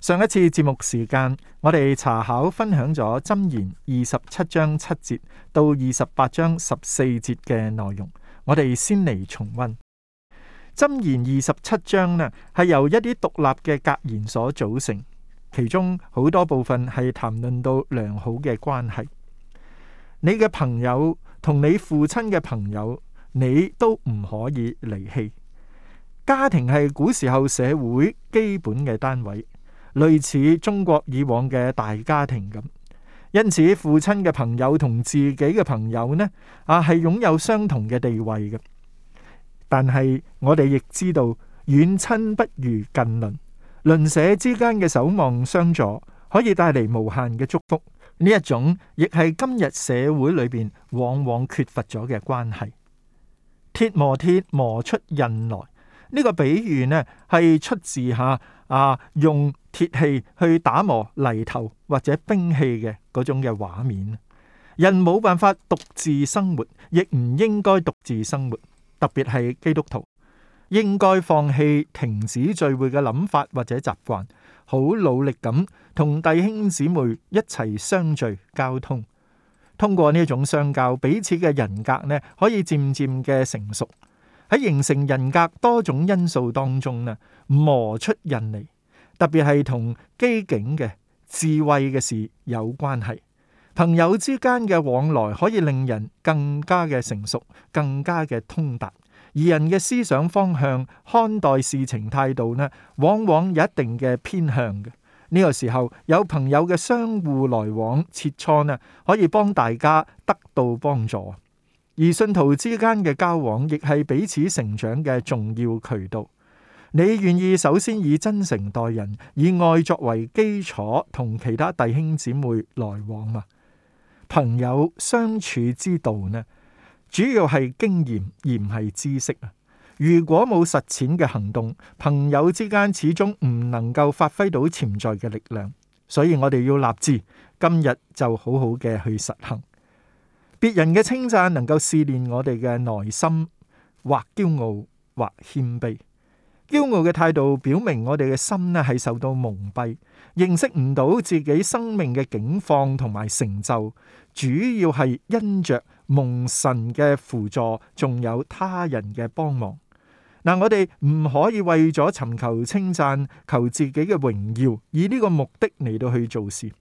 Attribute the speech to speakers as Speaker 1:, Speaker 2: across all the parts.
Speaker 1: 上一次節目時間，我哋查考分享咗《箴言》二十七章七節到二十八章十四節嘅內容。我哋先嚟重溫《箴言》二十七章呢，係由一啲獨立嘅格言所組成，其中好多部分係談論到良好嘅關係。你嘅朋友同你父親嘅朋友，你都唔可以離棄。家庭係古時候社會基本嘅單位。類似中國以往嘅大家庭咁，因此父親嘅朋友同自己嘅朋友呢，啊，係擁有相同嘅地位嘅。但係我哋亦知道遠親不如近鄰，鄰舍之間嘅守望相助可以帶嚟無限嘅祝福。呢一種亦係今日社會裏邊往往缺乏咗嘅關係。鐵磨鐵，磨出刃來。呢個比喻呢，係出自下，啊，用鐵器去打磨泥頭或者兵器嘅嗰種嘅畫面。人冇辦法獨自生活，亦唔應該獨自生活，特別係基督徒應該放棄停止聚會嘅諗法或者習慣，好努力咁同弟兄姊妹一齊相聚交通，通過呢一種相交，彼此嘅人格呢，可以漸漸嘅成熟。喺形成人格多種因素當中呢，磨出人嚟，特別係同機警嘅、智慧嘅事有關係。朋友之間嘅往來可以令人更加嘅成熟、更加嘅通達，而人嘅思想方向、看待事情態度呢，往往有一定嘅偏向嘅。呢、呢個時候有朋友嘅相互來往切磋呢，可以幫大家得到幫助。而信徒之間嘅交往，亦係彼此成長嘅重要渠道。你願意首先以真誠待人，以愛作為基礎，同其他弟兄姊妹來往嗎？朋友相處之道呢，主要係經驗而唔係知識啊。如果冇實踐嘅行動，朋友之間始終唔能夠發揮到潛在嘅力量。所以我哋要立志，今日就好好嘅去實行。別人嘅稱讚能夠試煉我哋嘅內心，或驕傲，或謙卑。驕傲嘅態度表明我哋嘅心呢係受到蒙蔽，認識唔到自己生命嘅境況同埋成就，主要係因着蒙神嘅輔助，仲有他人嘅幫忙。嗱，我哋唔可以為咗尋求稱讚、求自己嘅榮耀，以呢個目的嚟到去做事。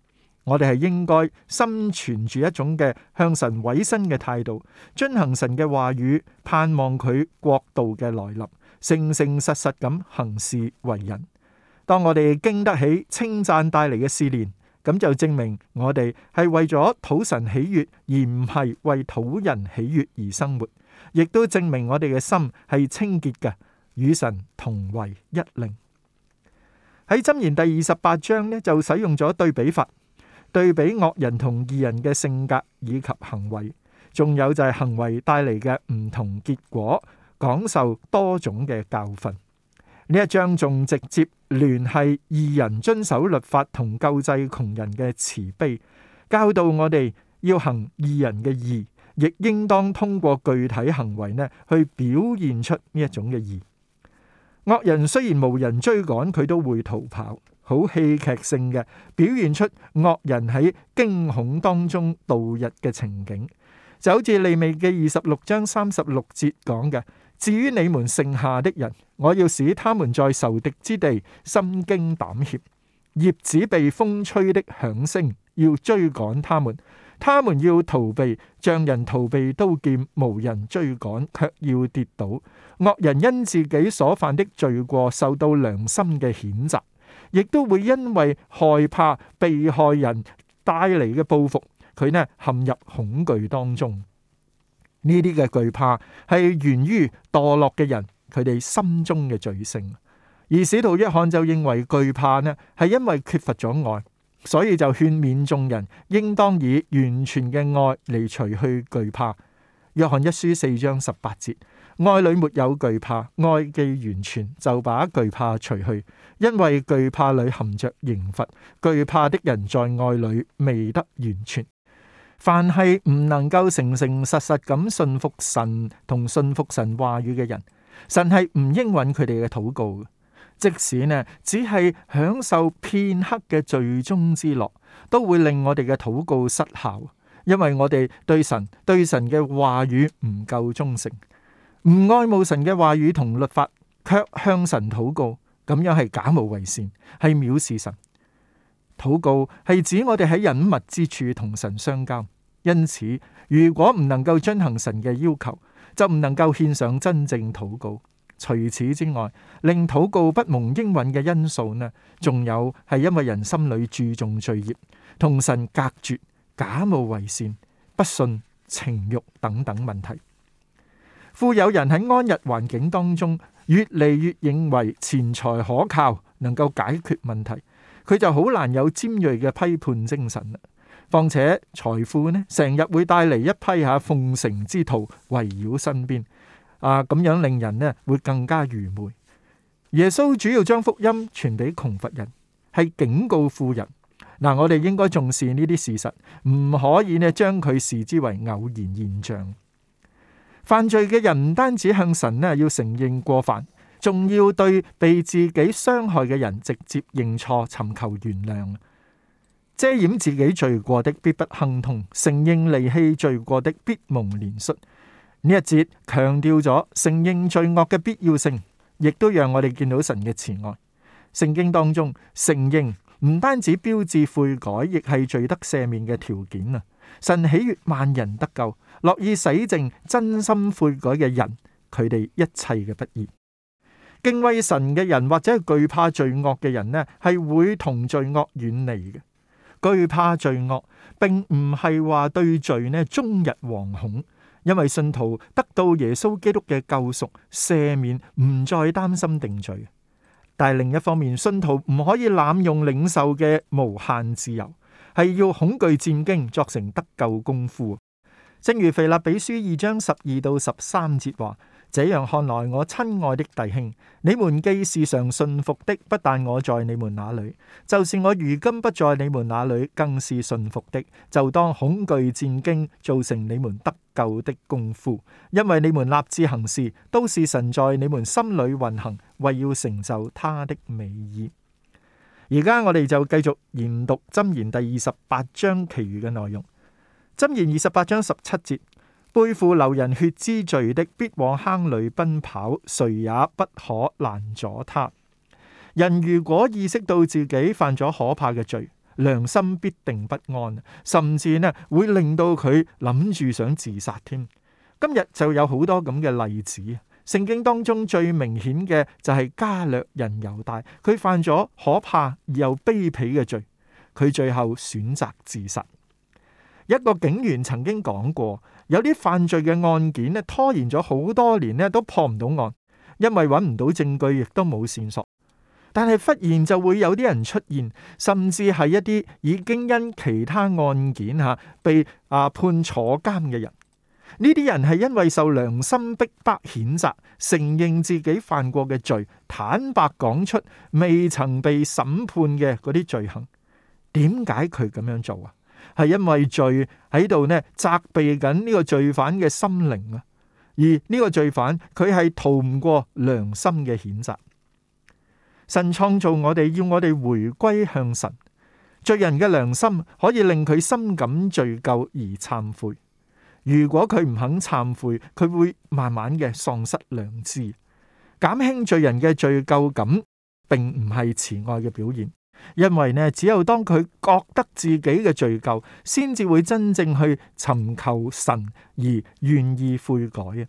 Speaker 1: 我哋係應該心存住一種嘅向神委身嘅態度，遵行神嘅話語，盼望佢國度嘅來臨，誠誠實實咁行事為人。當我哋經得起稱讚帶嚟嘅試煉，咁就證明我哋係為咗討神喜悅，而唔係為討人喜悅而生活，亦都證明我哋嘅心係清潔嘅，與神同為一靈。喺箴言第二十八章呢，就使用咗對比法。對比惡人同義人嘅性格以及行為，仲有就係行為帶嚟嘅唔同結果，講授多種嘅教訓。呢一章仲直接聯繫義人遵守律法同救濟窮人嘅慈悲，教導我哋要行義人嘅義，亦應當通過具體行為呢去表現出呢一種嘅義。惡人雖然無人追趕，佢都會逃跑。好戲劇性嘅表現出惡人喺驚恐當中度日嘅情景，就好似利未記嘅二十六章三十六節講嘅。至於你們剩下的人，我要使他們在仇敵之地心驚膽怯，葉子被風吹的響聲要追趕他們，他們要逃避，像人逃避刀劍，無人追趕，卻要跌倒。惡人因自己所犯的罪過，受到良心嘅譴責。亦都會因為害怕被害人帶嚟嘅報復，佢呢陷入恐懼當中。呢啲嘅懼怕係源於墮落嘅人，佢哋心中嘅罪性。而使徒約翰就認為懼怕呢係因為缺乏咗愛，所以就勸勉眾人應當以完全嘅愛嚟除去懼怕。約翰一書四章十八節：愛裏沒有懼怕，愛既完全，就把懼怕除去。因為懼怕裏含着刑罰，懼怕的人在愛裏未得完全。凡係唔能夠誠誠實實咁信服神同信服神話語嘅人，神係唔應允佢哋嘅禱告。即使呢只係享受片刻嘅罪中之樂，都會令我哋嘅禱告失效，因為我哋對神對神嘅話語唔夠忠誠，唔愛慕神嘅話語同律法，卻向神禱告。咁樣係假冒為善，係藐視神。禱告係指我哋喺隱密之處同神相交，因此如果唔能夠遵行神嘅要求，就唔能夠獻上真正禱告。除此之外，令禱告不蒙應允嘅因素呢？仲有係因為人心裏注重罪孽，同神隔絕，假冒為善，不信情欲等等問題。富有人喺安逸環境當中，越嚟越認為錢財可靠，能夠解決問題，佢就好難有尖銳嘅批判精神啦。況且財富呢，成日會帶嚟一批吓奉承之徒圍繞身邊，啊咁樣令人呢會更加愚昧。耶穌主要將福音傳俾窮乏人，係警告富人。嗱，我哋應該重視呢啲事實，唔可以呢將佢視之為偶然現象。犯罪嘅人唔單止向神咧，要承認過犯，仲要對被自己傷害嘅人直接認錯，尋求原諒。遮掩自己罪過的必不亨通，承認離棄罪過的必蒙憐恤。呢一節強調咗承認罪惡嘅必要性，亦都讓我哋見到神嘅慈愛。聖經當中，承認唔單止標誌悔改，亦係罪得赦免嘅條件啊！神喜悅萬人得救。樂意洗淨、真心悔改嘅人，佢哋一切嘅不義；敬畏神嘅人或者懼怕罪惡嘅人呢，係會同罪惡遠離嘅。懼怕罪惡，並唔係話對罪呢終日惶恐，因為信徒得到耶穌基督嘅救贖、赦免，唔再擔心定罪。但係另一方面，信徒唔可以濫用領受嘅無限自由，係要恐懼戰兢，作成得救功夫。正如腓立比書二章十二到十三節話，這樣看來，我親愛的弟兄，你們既是常順服的，不但我在你們那裏，就是我如今不在你們那裏，更是順服的。就當恐懼戰兢，做成你們得救的功夫，因為你們立志行事，都是神在你們心裏運行，為要成就他的美意。而家我哋就繼續研讀箴言第二十八章其餘嘅內容。箴言二十八章十七節：背負流人血之罪的，必往坑裏奔跑，誰也不可攔阻他。人如果意識到自己犯咗可怕嘅罪，良心必定不安，甚至呢會令到佢諗住想自殺添。今日就有好多咁嘅例子。聖經當中最明顯嘅就係加略人猶大，佢犯咗可怕而又卑鄙嘅罪，佢最後選擇自殺。一個警員曾經講過，有啲犯罪嘅案件咧，拖延咗好多年咧，都破唔到案，因為揾唔到證據，亦都冇線索。但係忽然就會有啲人出現，甚至係一啲已經因其他案件吓被啊判坐監嘅人，呢啲人係因為受良心逼迫譴責，承認自己犯過嘅罪，坦白講出未曾被審判嘅嗰啲罪行。點解佢咁樣做啊？係因為罪喺度呢，責備緊呢個罪犯嘅心靈啊，而呢個罪犯佢係逃唔過良心嘅譴責。神創造我哋，要我哋回歸向神。罪人嘅良心可以令佢深感罪疚而懺悔。如果佢唔肯懺悔，佢會慢慢嘅喪失良知。減輕罪人嘅罪疚感，並唔係慈愛嘅表現。因為呢，只有當佢覺得自己嘅罪疚，先至會真正去尋求神而願意悔改啊。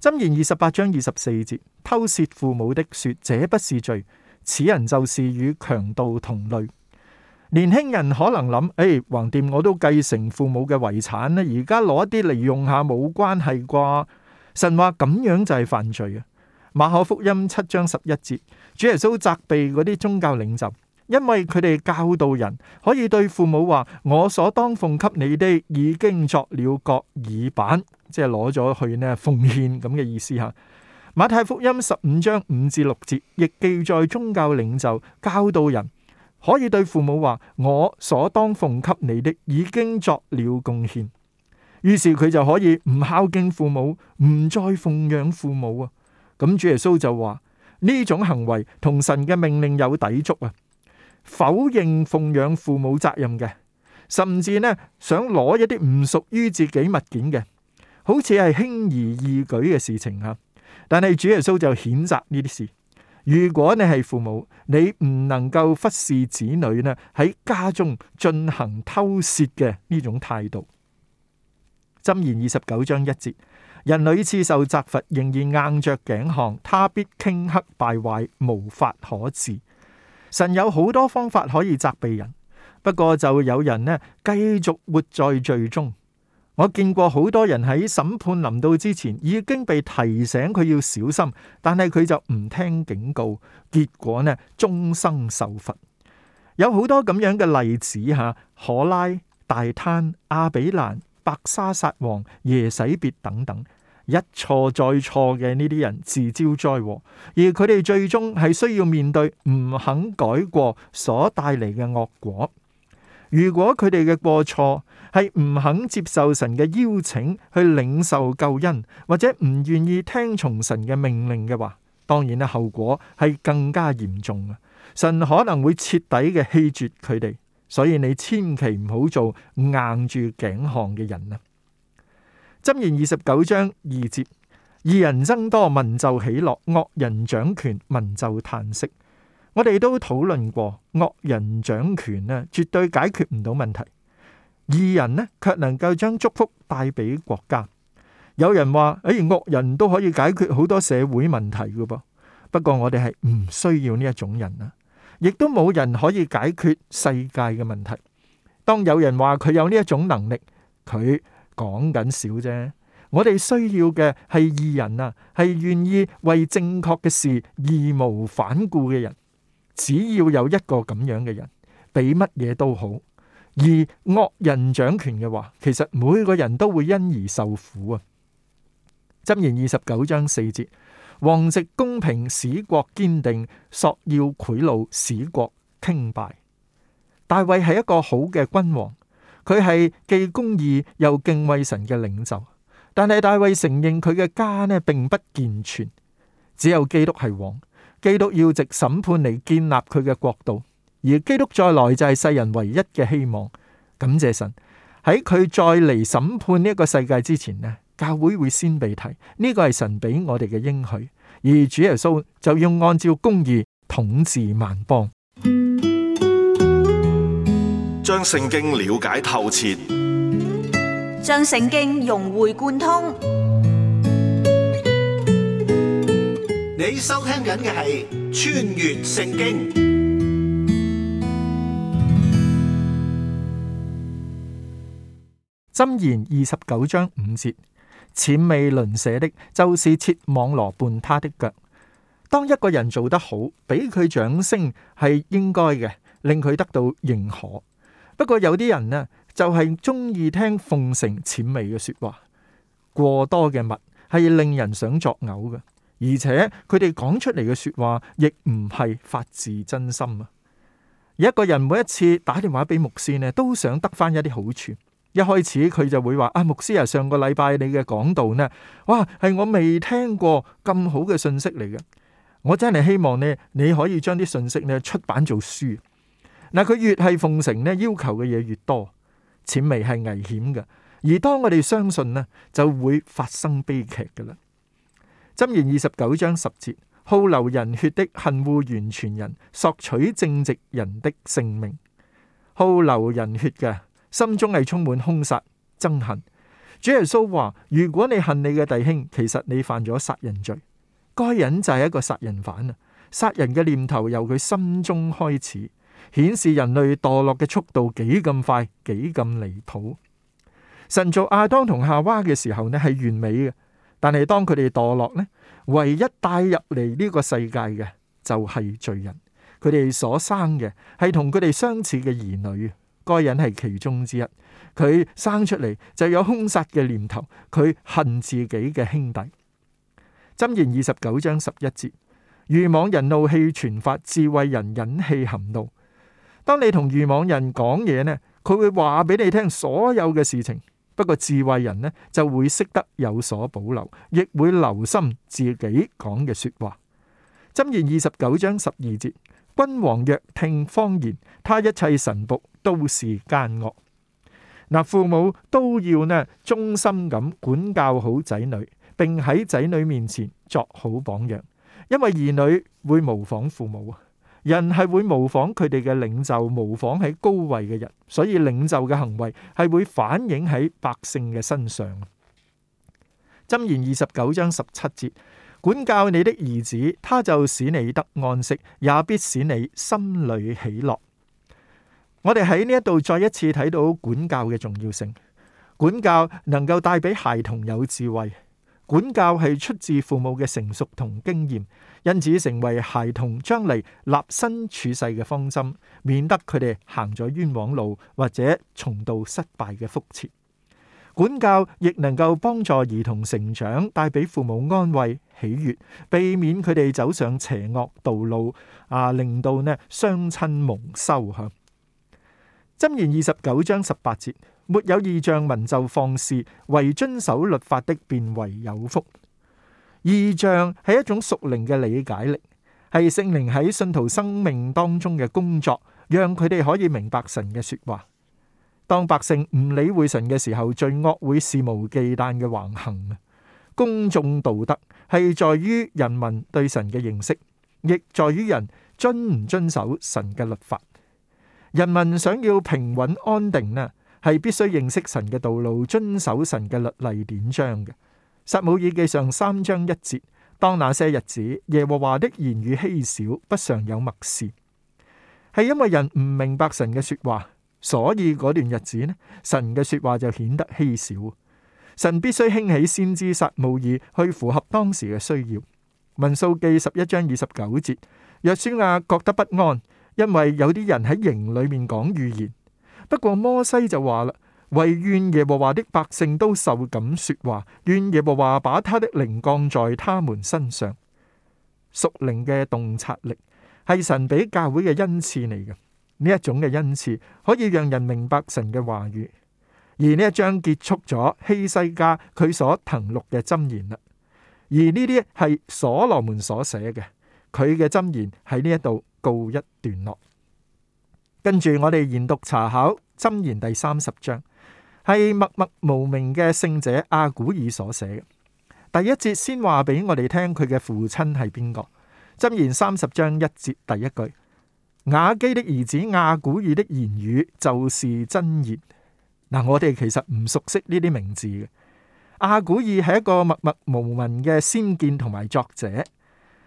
Speaker 1: 箴言二十八章二十四節，偷竊父母的說這不是罪，此人就是與強盜同類。年輕人可能諗，誒，橫掂我都繼承父母嘅遺產呢，而家攞啲嚟，用一下冇關係啩？神話咁樣就係犯罪啊。馬可福音七章十一節，主耶穌責備嗰啲宗教領袖。因為佢哋教導人可以對父母話：我所當奉給你的已經作了各耳板，即係攞咗去呢奉獻咁嘅意思吓。馬太福音十五章五至六節亦記載宗教領袖教導人可以對父母話：我所當奉給你的已經作了貢獻。於是佢就可以唔孝敬父母，唔再奉養父母啊！咁主耶穌就話呢種行為同神嘅命令有抵觸啊！否認奉養父母責任嘅，甚至咧想攞一啲唔屬於自己物件嘅，好似係輕而易舉嘅事情啊！但係主耶穌就譴責呢啲事。如果你係父母，你唔能夠忽視子女呢喺家中進行偷竊嘅呢種態度。箴言二十九章一節：人屢次受責罰，仍然硬着頸項，他必頃刻敗壞，無法可治。神有好多方法可以責備人，不過就有人呢繼續活在罪中。我見過好多人喺審判臨到之前已經被提醒佢要小心，但係佢就唔聽警告，結果呢終生受罰。有好多咁樣嘅例子，吓可拉、大坍、亞比蘭、白沙撒王、耶洗別等等。一錯再錯嘅呢啲人自招災禍，而佢哋最終係需要面對唔肯改過所帶嚟嘅惡果。如果佢哋嘅過錯係唔肯接受神嘅邀請去領受救恩，或者唔願意聽從神嘅命令嘅話，當然啦，後果係更加嚴重啊！神可能會徹底嘅棄絕佢哋，所以你千祈唔好做硬住頸項嘅人啊！箴言二十九章二節：義人增多，民就喜樂；惡人掌權，民就嘆息。我哋都討論過，惡人掌權啊，絕對解決唔到問題。義人咧，卻能夠將祝福帶俾國家。有人話：哎，惡人都可以解決好多社會問題噶噃。不過我哋係唔需要呢一種人啊，亦都冇人可以解決世界嘅問題。當有人話佢有呢一種能力，佢。講緊笑啫，我哋需要嘅係義人啊，係願意為正確嘅事義無反顧嘅人。只要有一個咁樣嘅人，比乜嘢都好。而惡人掌權嘅話，其實每一個人都會因而受苦啊。箴言二十九章四節，王藉公平使國堅定，索要賄賂使國傾敗。大衛係一個好嘅君王。佢係既公義又敬畏神嘅領袖，但係大衛承認佢嘅家呢，並不健全，只有基督係王，基督要藉審判嚟建立佢嘅國度，而基督再來就係世人唯一嘅希望。感謝神，喺佢再嚟審判呢一個世界之前呢，教會會先被提，呢個係神俾我哋嘅應許，而主耶穌就要按照公義統治萬邦。將聖經了解透徹，將聖經融會貫通。你收聽緊嘅係《穿越聖經》箴言二十九章五節，諂媚鄰舍的就是設網羅絆他的腳。當一個人做得好，俾佢掌聲係應該嘅，令佢得到認可。不過有啲人呢，就係中意聽奉承諂媚嘅說話。過多嘅物係令人想作嘔嘅，而且佢哋講出嚟嘅說話亦唔係發自真心啊！一個人每一次打電話俾牧師呢，都想得返一啲好處。一開始佢就會話：啊，牧師啊，上個禮拜你嘅講道呢，哇，係我未聽過咁好嘅信息嚟嘅。我真係希望呢，你可以將啲信息呢，出版做書。嗱，佢越係奉承咧，要求嘅嘢越多，潛微係危險噶而當我哋相信呢，就會發生悲劇噶啦箴言二十九章十節：好流人血的恨惡完全人，索取正直人的性命，好流人血嘅心中係充滿兇殺憎恨。主耶穌話：如果你恨你嘅弟兄，其實你犯咗殺人罪。該人就係一個殺人犯啊！殺人嘅念頭由佢心中開始。顯示人類墮落嘅速度幾咁快，幾咁離譜。神造亞當同夏娃嘅時候呢，係完美嘅。但係當佢哋墮落呢，唯一帶入嚟呢個世界嘅就係罪人。佢哋所生嘅係同佢哋相似嘅兒女。該人係其中之一，佢生出嚟就有凶殺嘅念頭，佢恨自己嘅兄弟。箴言二十九章十一節：愚妄人怒氣傳發，智慧人忍氣含怒。當你同愚妄人講嘢呢，佢會話俾你聽所有嘅事情。不過智慧人呢，就會識得有所保留，亦會留心自己講嘅說話。箴言二十九章十二節，君王若聽謊言，他一切臣僕都是奸惡。嗱，父母都要呢，忠心咁管教好仔女，並喺仔女面前作好榜樣，因為兒女會模仿父母啊。人係會模仿佢哋嘅領袖，模仿喺高位嘅人，所以領袖嘅行為係會反映喺百姓嘅身上。箴言二十九章十七節：管教你的兒子，他就使你得安息，也必使你心裏喜樂。我哋喺呢一度再一次睇到管教嘅重要性，管教能夠帶俾孩童有智慧。管教係出自父母嘅成熟同經驗，因此成為孩童將來立身處世嘅方針，免得佢哋行咗冤枉路或者重蹈失敗嘅覆轍。管教亦能夠幫助兒童成長，帶俾父母安慰喜悅，避免佢哋走上邪惡道路，啊，令到呢雙親蒙羞。響，箴言二十九章十八節。沒有異象，民就放肆；唯遵守律法的，便為有福。異象係一種屬靈嘅理解力，係聖靈喺信徒生命當中嘅工作，讓佢哋可以明白神嘅說話。當百姓唔理會神嘅時候，罪惡會肆無忌憚嘅橫行啊！公眾道德係在於人民對神嘅認識，亦在於人遵唔遵守神嘅律法。人民想要平穩安定呢？係必須認識神嘅道路，遵守神嘅律例典章嘅。撒母耳記上三章一節：，當那些日子，耶和華的言語稀少，不常有默示，係因為人唔明白神嘅說話，所以嗰段日子呢，神嘅說話就顯得稀少。神必須興起先知撒母耳去符合當時嘅需要。民數記十一章二十九節：，約書亞覺得不安，因為有啲人喺營裏面講預言。不過摩西就話啦：，惟願耶和華的百姓都受感說話，願耶和華把他的靈降在他們身上。屬靈嘅洞察力係神俾教會嘅恩賜嚟嘅，呢一種嘅恩賜可以讓人明白神嘅話語。而呢一章結束咗希西家佢所騰錄嘅箴言啦，而呢啲係所羅門所寫嘅，佢嘅箴言喺呢一度告一段落。跟住我哋研讀查考。箴言第三十章係默默無名嘅聖者亞古珥所寫。第一節先話俾我哋聽佢嘅父親係邊個？箴言三十章一節第一句：雅基的兒子亞古珥的言語就是真言。嗱、啊，我哋其實唔熟悉呢啲名字嘅。亞古珥係一個默默無聞嘅先見同埋作者。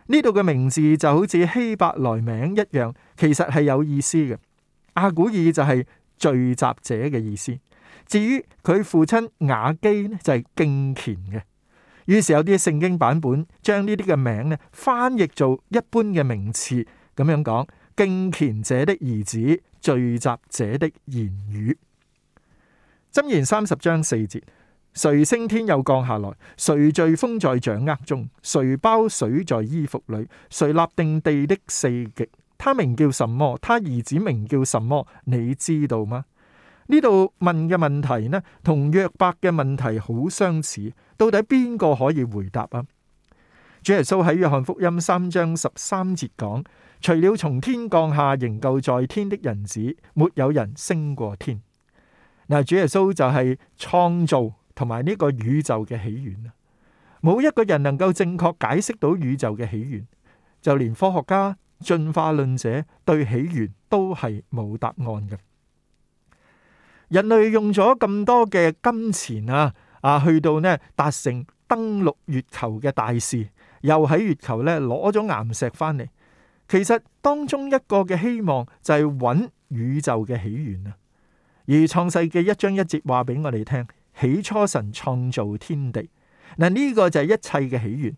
Speaker 1: 呢度嘅名字就好似希伯來名一樣，其實係有意思嘅。亞古珥就係、是。聚集者嘅意思。至於佢父親雅基呢就係敬虔嘅。於是有啲聖經版本將呢啲嘅名呢，翻譯做一般嘅名詞咁樣講。敬虔者的兒子，聚集者的言語。箴言三十章四節：誰升天又降下來？誰聚風在掌握中？誰包水在衣服裏？誰立定地的四極？他名叫什麼？他兒子名叫什麼？你知道嗎？呢度問嘅問題呢，同約伯嘅問題好相似。到底邊個可以回答啊？主耶穌喺約翰福音三章十三節講：除了從天降下、仍舊在天的人子，沒有人升過天。嗱，主耶穌就係創造同埋呢個宇宙嘅起源。冇一個人能夠正確解釋到宇宙嘅起源，就連科學家。進化論者對起源都係冇答案嘅。人類用咗咁多嘅金錢啊啊，去到呢達成登陸月球嘅大事，又喺月球呢攞咗岩石翻嚟。其實當中一個嘅希望就係揾宇宙嘅起源啊。而創世記一章一節話俾我哋聽：起初神創造天地，嗱、這、呢個就係一切嘅起源。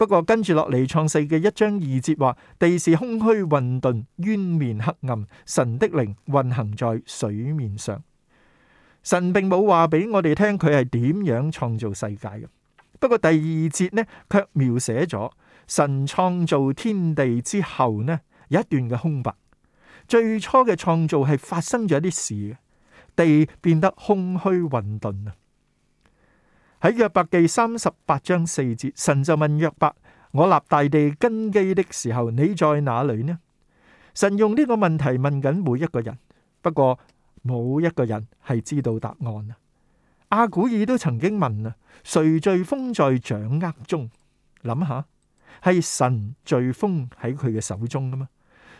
Speaker 1: 不過跟住落嚟，創世嘅一章二節話，地是空虛混沌，淵面黑暗，神的靈運行在水面上。神並冇話俾我哋聽佢係點樣創造世界嘅。不過第二節呢，卻描寫咗神創造天地之後呢，有一段嘅空白。最初嘅創造係發生咗啲事嘅，地變得空虛混沌啊。喺約伯記三十八章四節，神就問約伯：我立大地根基的時候，你在哪裏呢？神用呢個問題問緊每一個人，不過冇一個人係知道答案啊！阿古爾都曾經問啊：誰聚風在掌握中？諗下，係神聚風喺佢嘅手中噶嘛？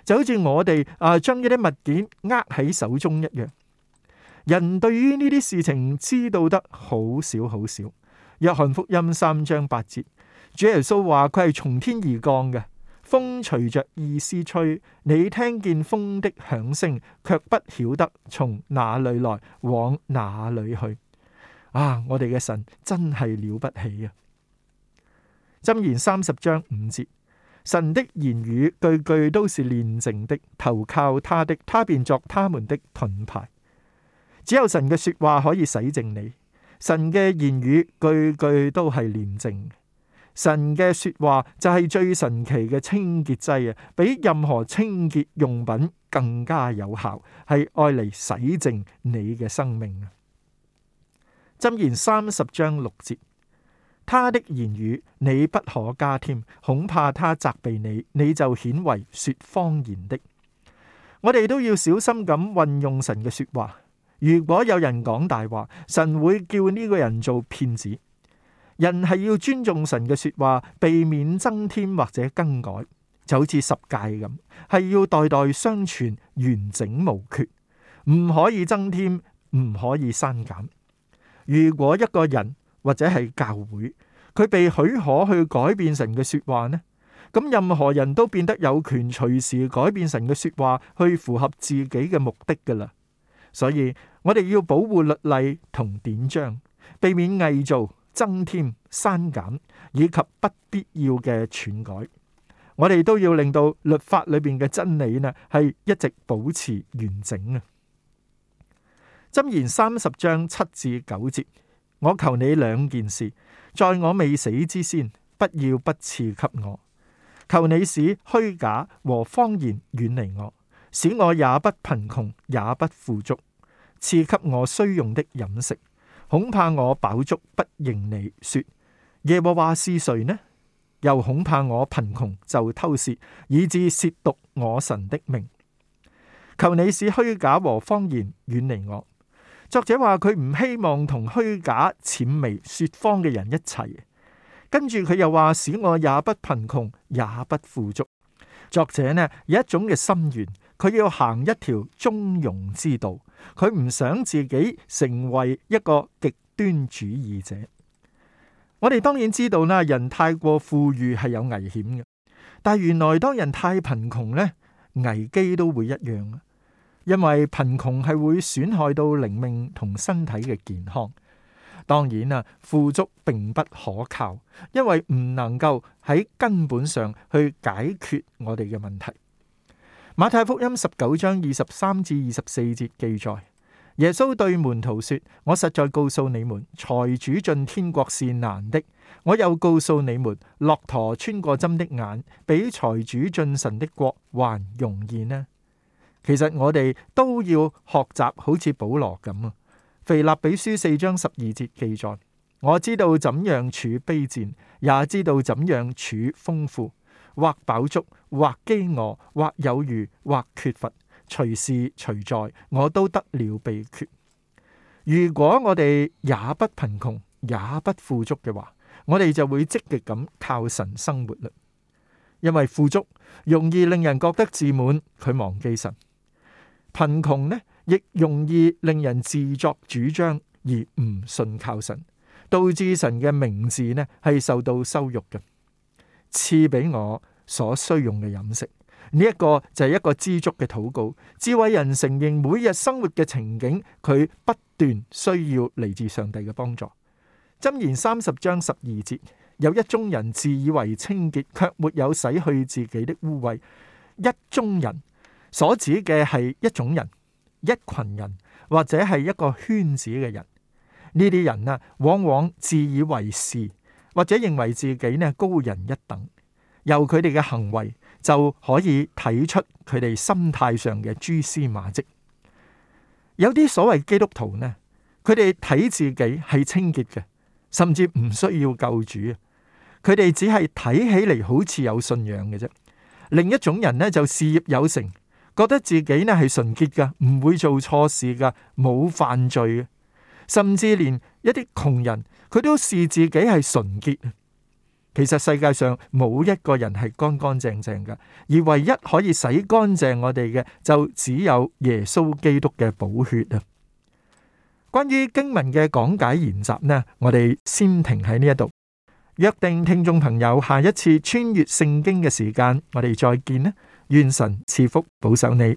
Speaker 1: 就好似我哋啊將一啲物件握喺手中一樣。人對於呢啲事情知道得好少，好少。約翰福音三章八節，主耶穌話佢係從天而降嘅。風隨着意思吹，你聽見風的響聲，卻不曉得從哪裏來，往哪裏去。啊！我哋嘅神真係了不起啊！箴言三十章五節，神的言語句句都是煉淨的，投靠他的，他便作他們的盾牌。只有神嘅說話可以洗淨你。神嘅言語句句都係煉淨，神嘅說話就係最神奇嘅清潔劑啊！比任何清潔用品更加有效，係愛嚟洗淨你嘅生命啊！箴言三十章六節，他的言語你不可加添，恐怕他責備你，你就顯為說謊言的。我哋都要小心咁運用神嘅說話。如果有人講大話，神會叫呢個人做騙子。人係要尊重神嘅說話，避免增添或者更改，就好似十誡咁，係要代代相傳完整無缺，唔可以增添，唔可以刪減。如果一個人或者係教會，佢被許可去改變神嘅說話呢？咁任何人都變得有權隨時改變神嘅說話，去符合自己嘅目的噶啦。所以。我哋要保護律例同典章，避免偽造、增添、刪減以及不必要嘅篡改。我哋都要令到律法裏邊嘅真理呢係一直保持完整啊。箴言三十章七至九節，我求你兩件事：在我未死之先，不要不賜給我；求你使虛假和謊言遠離我，使我也不貧窮，也不富足。賜給我需用的飲食，恐怕我飽足不認你，說耶和華是誰呢？又恐怕我貧窮就偷竊，以致褻瀆我神的命。求你使虛假和謊言遠離我。作者話佢唔希望同虛假、淺微、說謊嘅人一齊。跟住佢又話，使我也不貧窮，也不富足。作者呢，有一種嘅心願。佢要行一條中庸之道，佢唔想自己成為一個極端主義者。我哋當然知道啦，人太過富裕係有危險嘅，但原來當人太貧窮呢，危機都會一樣。因為貧窮係會損害到靈命同身體嘅健康。當然啊，富足並不可靠，因為唔能夠喺根本上去解決我哋嘅問題。馬太福音十九章二十三至二十四節記載，耶穌對門徒說：我實在告訴你們，財主進天國是難的。我又告訴你們，駱駝穿過針的眼，比財主進神的國還容易呢。其實我哋都要學習好似保羅咁啊。腓立比書四章十二節記載，我知道怎樣處卑賤，也知道怎樣處豐富，或飽足。或饑餓，或有餘，或缺乏，隨時隨在，我都得了祕訣。如果我哋也不貧窮，也不富足嘅話，我哋就會積極咁靠神生活啦。因為富足容易令人覺得自滿，佢忘記神；貧窮呢，亦容易令人自作主張而唔信靠神，導致神嘅名字呢係受到羞辱嘅。賜俾我，所需用嘅飲食，呢、這、一個就係一個知足嘅禱告。智慧人承認每日生活嘅情景，佢不斷需要嚟自上帝嘅幫助。箴言三十章十二節有一宗人自以為清潔，卻沒有洗去自己的污穢。一宗人所指嘅係一種人、一群人或者係一個圈子嘅人。呢啲人啊，往往自以為是，或者認為自己呢高人一等。由佢哋嘅行為就可以睇出佢哋心態上嘅蛛絲馬跡。有啲所謂基督徒呢，佢哋睇自己係清潔嘅，甚至唔需要救主。佢哋只係睇起嚟好似有信仰嘅啫。另一種人呢，就事業有成，覺得自己呢係純潔噶，唔會做錯事噶，冇犯罪。甚至連一啲窮人，佢都視自己係純潔。其實世界上冇一個人係乾乾淨淨嘅，而唯一可以洗乾淨我哋嘅就只有耶穌基督嘅寶血啊！關於經文嘅講解研習呢，我哋先停喺呢一度，約定聽眾朋友下一次穿越聖經嘅時間，我哋再見呢。願神賜福保守你。